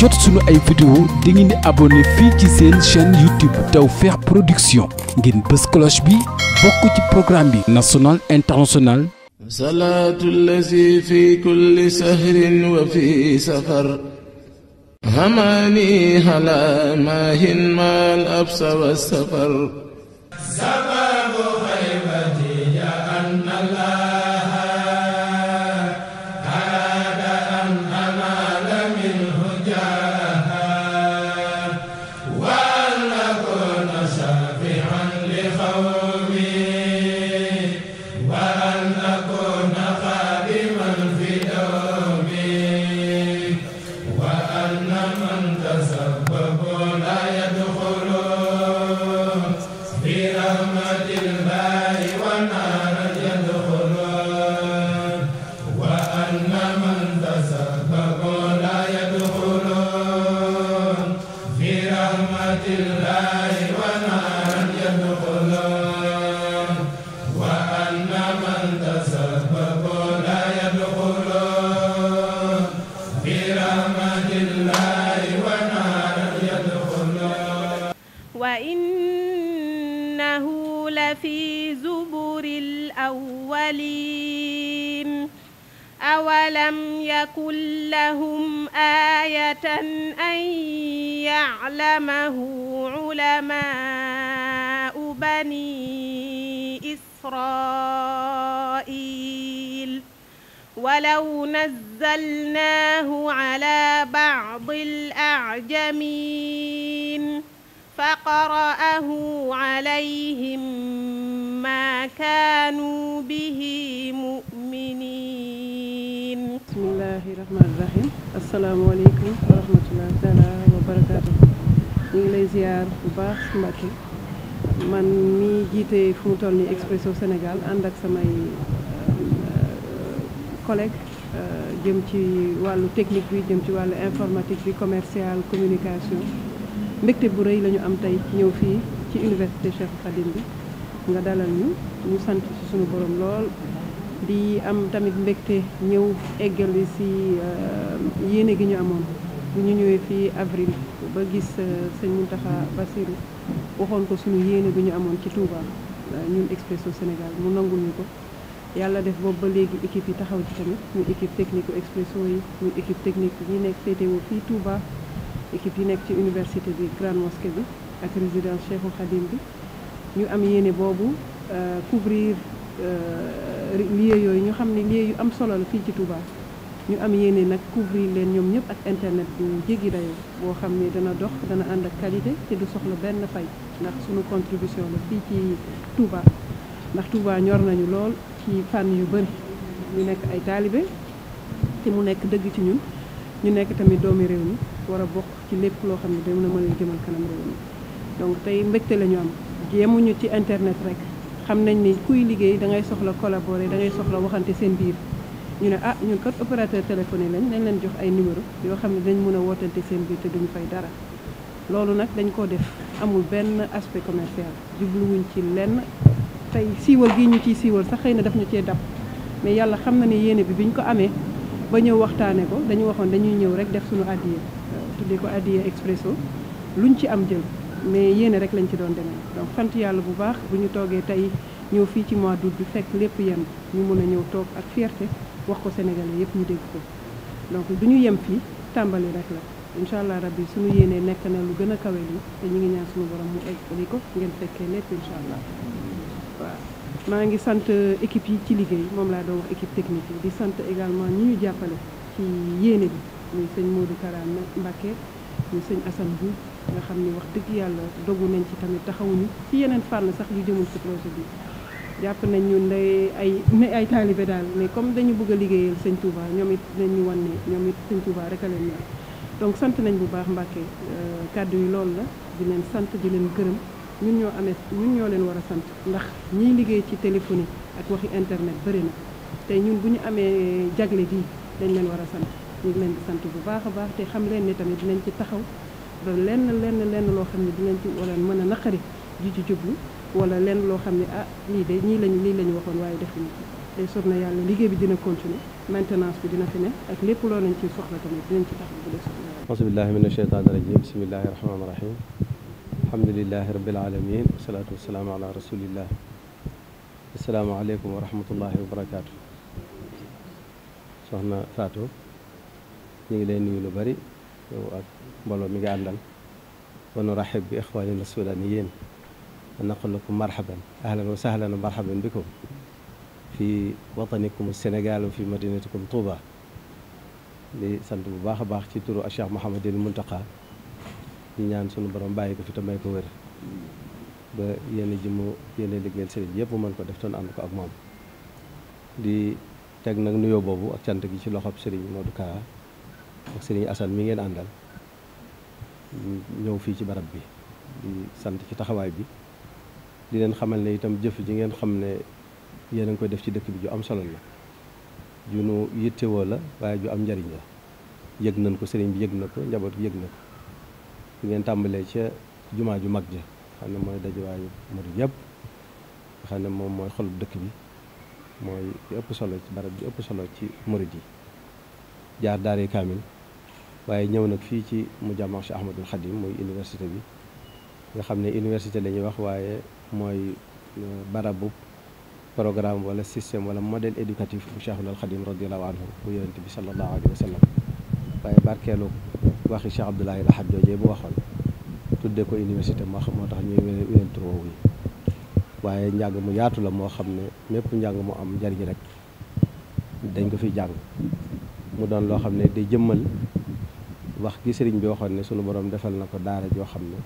jot suñu ay vidéo da ngeen di abonné fii ci seen chaîne YouTube Tawfekh Production ngeen bës cloche bi bokk ci programme bi national international salaatu llazi fi kulli sahrin wa fi safar hamaani ala maahin maal absa wa safar تكن لهم آية أن يعلمه علماء بني إسرائيل ولو نزلناه على بعض الأعجمين فقرأه عليهم ما كانوا به مؤمنين bismillahi rahmaani rahim asalaamaaleykum wa rahmatullahi taala wa barakaatu ñu ngi lay ziar bu baax Mbacke man mi jiite fu toll ni Expresso Sénégal ànd ak samay euh, collègue euh, jëm ci wàllu technique bi jëm ci wàllu informatique bi commercial communication mbégte bu rëy lañu am tey ñëw fii ci université Cheikh Khadim bi nga dalal ñu ñu sant ci suñu borom lool di am tamit mbégte ñëw eggali si euh, yéene gi ñu amoon bu ñu ñëwee fii avril ba gis euh, sëñ Mountakha Bassirou waxoon ko suñu yéene bi ñu amoon ci Touba euh, ñun Expresso Sénégal mu nangul ñu ko yàlla def boobu ba léegi équipe yi taxaw ci tamit ñu équipe technique Expresso yi ñu équipe technique yi nekk féetewoo fii Touba équipe yi nekk ci université bi Grande Mosquée bi ak résidence Cheikhou Khadim bi ñu am yéene boobu couvrir lieux yooyu ñu xam ne lieux yu am solo fii ci Touba ñu am yéene nag couvrir leen ñoom ñëpp ak internet yu jéggi dayoo boo xam ne dana dox dana ànd ak qualité te du soxla benn fay ndax suñu contribution la fii ci Touba ndax tuubaa ñor nañu lool ci fànn yu bëri ñu nekk ay taalibe te mu nekk dëgg ci ñun ñu nekk tamit doomi réew mi wara bokk ci lépp loo xam ne dina mën a jëmal kanam réew mi donc tey mbégte la ñu am jéemuñu ci internet rek xam nañ ni kuy liggéey da ngay soxla collaborer da ngay soxla waxante seen biir ñu ne ah ñun kat opérateur téléphoné lañ nañ leen jox ay numéro yoo xam ne dañ mën a wootante seen biir te duñu fay dara loolu nag dañ ko def amul benn aspect commercial jubluwuñ ci lenn tey siiwal gi ñu ciy siiwal sax xëy na daf ñu cee dab mais yàlla xam na ni yéene bi biñ ko amee ba ñëw waxtaane ko dañu waxoon dañuy ñëw rek def suñu addiya euh, tuddee ko addiya expresso luñ ci am jël mais yéene rek lañ ci doon demee donc sant yàlla bu baax bu ñu toogee tey ñëw fii ci mois du bi fekk lépp yem ñu mën a ñëw toog ak fierté wax ko sénégalais yëpp ñu dégg ko donc du ñu yem fii tàmbali rek la incha allah yi suñu yéenee nekk na lu gën a kawe lii te ñu ngi ñaan suñu borom mu eggali ko ngeen fekkee lépp incha allah waa maa ngi sant équipe yi ci liggéey moom laa doon wax équipe technique yi di sant également ñi ñu jàppale ci yéene bi muy sëñ Modou Karam sëñ Assane Diouf nga xam ni wax dëgg yàlla dogu nañ ci tamit taxawuñu ci yeneen fànn sax yu jëmul si projet bi jàpp nañ ñu ndey ay ne ay taalibe daal mais comme dañu bëgg a liggéeyal sëñ Touba ñoom it nañ ñu wan ne ñoom it sëñ rek a leen ñor donc sant nañ bu baax Mbàkke euh, kàddu yi loolu la di leen sant di leen gërëm ñun ñoo amee ñun ñoo leen war a sant ndax ñiy liggéey ci yi ak waxi internet bëri na tey ñun bu ñu amee jagle gii dañ leen war a sant ñu ngi leen sant bu baax a baax te xam leen ni tamit nañ ci taxaw lenn lenn lenn loo xam ne dinañ ci wala mën a naqari ji ci jublu wala lenn loo xam ne ah lii de ñii lañ lii la waxoon waaye defuñu ko te soob na yàlla liggéey bi dina continuer maintenance bi dina fi ne ak lépp loo nañ ci soxla tamit dinañ ci tax bu dee soxla aasbillahi min asheytaani rajim bismillahi rahmaani rahim alhamdulilahi rabbil alamin wasalaatu wasalaamu ala rasulillah asalaamaaleykum wa rahmatullahi wa barakaatu soxna Fatou ñu ngi lay nuyu lu bari yow ak mbooloo mi nga àndal wa nuraxib bi ixwaanina sudaaniyiin wa naqul lakum marhaban ahlan wa sahlan wa marhaban bikum fi watanikum Sénégal wa fi madinatikum Touba di sant bu baax a baax ci turu ak Cheikh Mouhamadul Muntaqa di ñaan sunu borom bàyyi ko fi te may ko wér ba yenn ji mu yenn liggéeyal sëriñ yëpp man ko def toon ànd ko ak moom di teg nag nuyoo boobu ak sant gi ci loxob sëriñ Modou Kara ak sëriñ Assane mi ngeen àndal ñëw fii ci barab bi di sant ci taxawaay bi di leen xamal ne itam jëf ji ngeen xam ne yéen a ngi def ci dëkk bi ju am solo la ju nu yittewoo la waaye ju am njariñ la yëg nañ ko sëriñ bi yëg na ko njaboot bi yëg na ko fi ngeen tàmbalee ca jumaa ju mag ja xam ne mooy dajuwaayu murid yëpp xam ne moom mooy xolub dëkk bi mooy ëpp solo ci barab ju ëpp solo ci murid yi jaar daaree kaamil waaye ñëw nag fii ci mu jàmmax Cheikh Ahmadul Xadim muy université bi nga xam ne université lañuy wax waaye mooy euh, barabu programme wala système wala modèle éducatif bu Cheikhul Xadim radiallahu anhu bu yonent bi sallallahu alayhi wa waaye barkeelu waxi Cheikh Abdoulahi Lahad joojee bu waxoon tuddee ko université moo xam moo tax ñuy weneen tur woowu yi waaye njàng mu yaatu la moo xam ne mépp njàng mu am njariñ rek dañ ko fi jàng mu doon loo xam ne day jëmmal wax gi sëriñ bi waxoon ne sunu borom defal na ko daara joo xam ne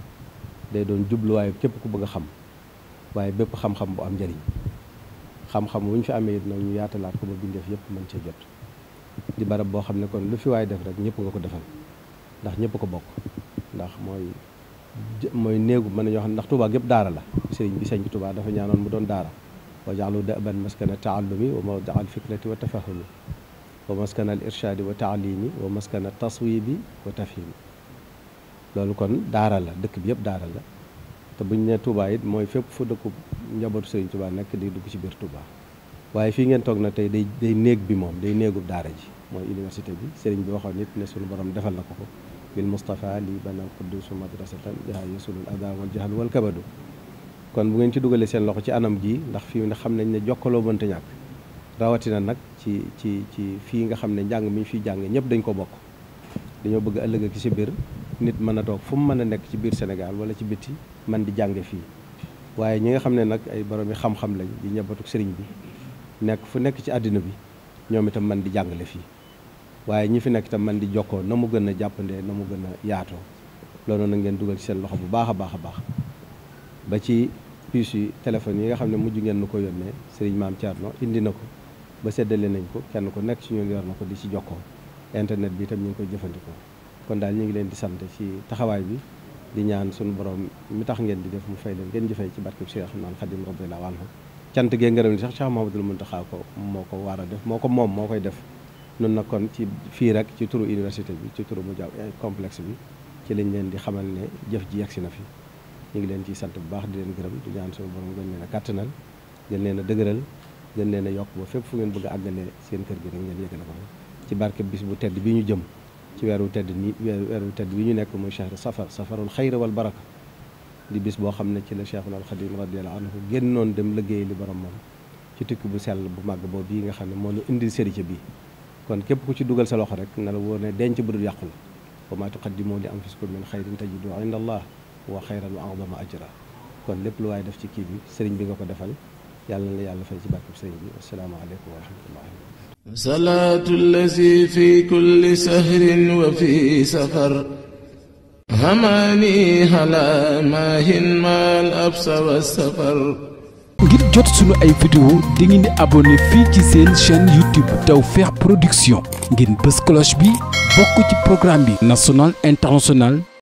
day doon jubluwaayu képp ku bëgg a xam waaye bépp xam-xam bu am njëriñ xam-xam wu ñu fi amee it nag ñu yaatalaat ko ba bindeef yëpp mën cee jot di barab boo xam ne kon lu fi waay def rek ñëpp nga ko defal ndax ñëpp ko bokk ndax mooy mooy néegu mën nañoo xam ne ndax Tuubaa gépp daara la sëriñ bi sëñ Tuubaa dafa ñaanoon mu doon daara wa jaalu daban maskana taallumi wa mawdaa al fikrati wa tafahumi wa maskana al irshaadi wa taalimi wa maskana taswibi wa tafhimi loolu kon daara la dëkk bi yëpp daaral la te buñ ne Touba it mooy fépp fu dëkku njabootu Serigne Touba nekk di dugg ci biir Touba waaye fii ngeen toog na tey day day néeg bi moom day néegub daara ji mooy université bi Serigne bi waxoon nit ne suñu borom defal na ko ko bil Mustafa li banal quddusu madrasatan jaha yasulul ada wal jahal wal kabadu kon bu ngeen ci dugalee seen loxo ci anam gi ndax fii ne xam nañ ne jokkaloo mënta ñàkk rawatina nag ci ci ci fii nga xam ne njàng mi ñu fiy jàng ñëpp dañ ko bokk dañoo bëgg ëllëg a ak si biir nit mën a toog fu mu mën a nekk ci biir Sénégal wala ci biti man di jànge fii waaye ñi nga xam ne nag ay boromi xam-xam lañ di ñëbbatuk sëriñ bi nekk fu nekk ci àddina bi ñoom itam man di jàngale fii waaye ñi fi nekk itam man di jokkoo na mu gën a jàppandee na mu gën a yaatoo looloon na ngeen dugal ci seen loxo bu baax a baax a baax ba ci puce yi téléphone yi nga xam ne mujj ngeen nu ko yónnee sëriñ maam Thierno indi na ko ba seddalee nañ ko kenn ko nekk ci ñun yor na ko di ci jokkoo internet bi itam ñu ngi koy jëfandikoo kon daal ñu ngi leen di sant ci taxawaay bi di ñaan sunu borom mu tax ngeen di def mu fay leen ngeen jëfee ci barkeb Cheikh Ahmadou Khadim radiyallahu anhu cant gee ngërëm li sax Cheikh Mouhamadoul Mountakha ko moo ko war a def moo ko moom moo koy def nun nag kon ci fii rek ci turu université bi ci turu mu jaaw complexe bi ci lañ leen di xamal ne jëf ji yegsi na fi ñu ngi leen ciy sant bu baax di leen gërëm di ñaan suñu borom gën leen a kàttanal gën leen a dëgëral gën leen a yokk ba fépp fu ngeen bëgg a àggale seen kër gi rek ngeen yëgale ko ci barke bis bu tedd bi ñu jëm ci weeru tedd ni weeru tedd bi ñu nekk muy chahru safar safarul xayra wal baraka di bis boo xam ne ci la cheikhul alxadim radiallahu anhu génnoon dem liggéey borom moom ci tukki bu sell bu màgg boobu bii nga xam ne moo ñu indil séritie bi kon képp ku ci dugal sa loxo rek na la wóor ne denc bu dul yàqu la wa maa tuqaddimu li anfusikum min xayrin tajidu inda allah wa xayran wa adama ajra kon lépp lu waaye def ci kii bi sëriñ bi nga ko defal yàlla yàlla fay ci barkeb sëriñ bi fi kulli sahrin wa fi safar hamaani ala maahin maal absa wa safar ngir jot sunu ay vidéo di ngeen di fii ci seen chaîne YouTube Tawfekh Production ngeen bës cloche bi bokk ci programme bi national international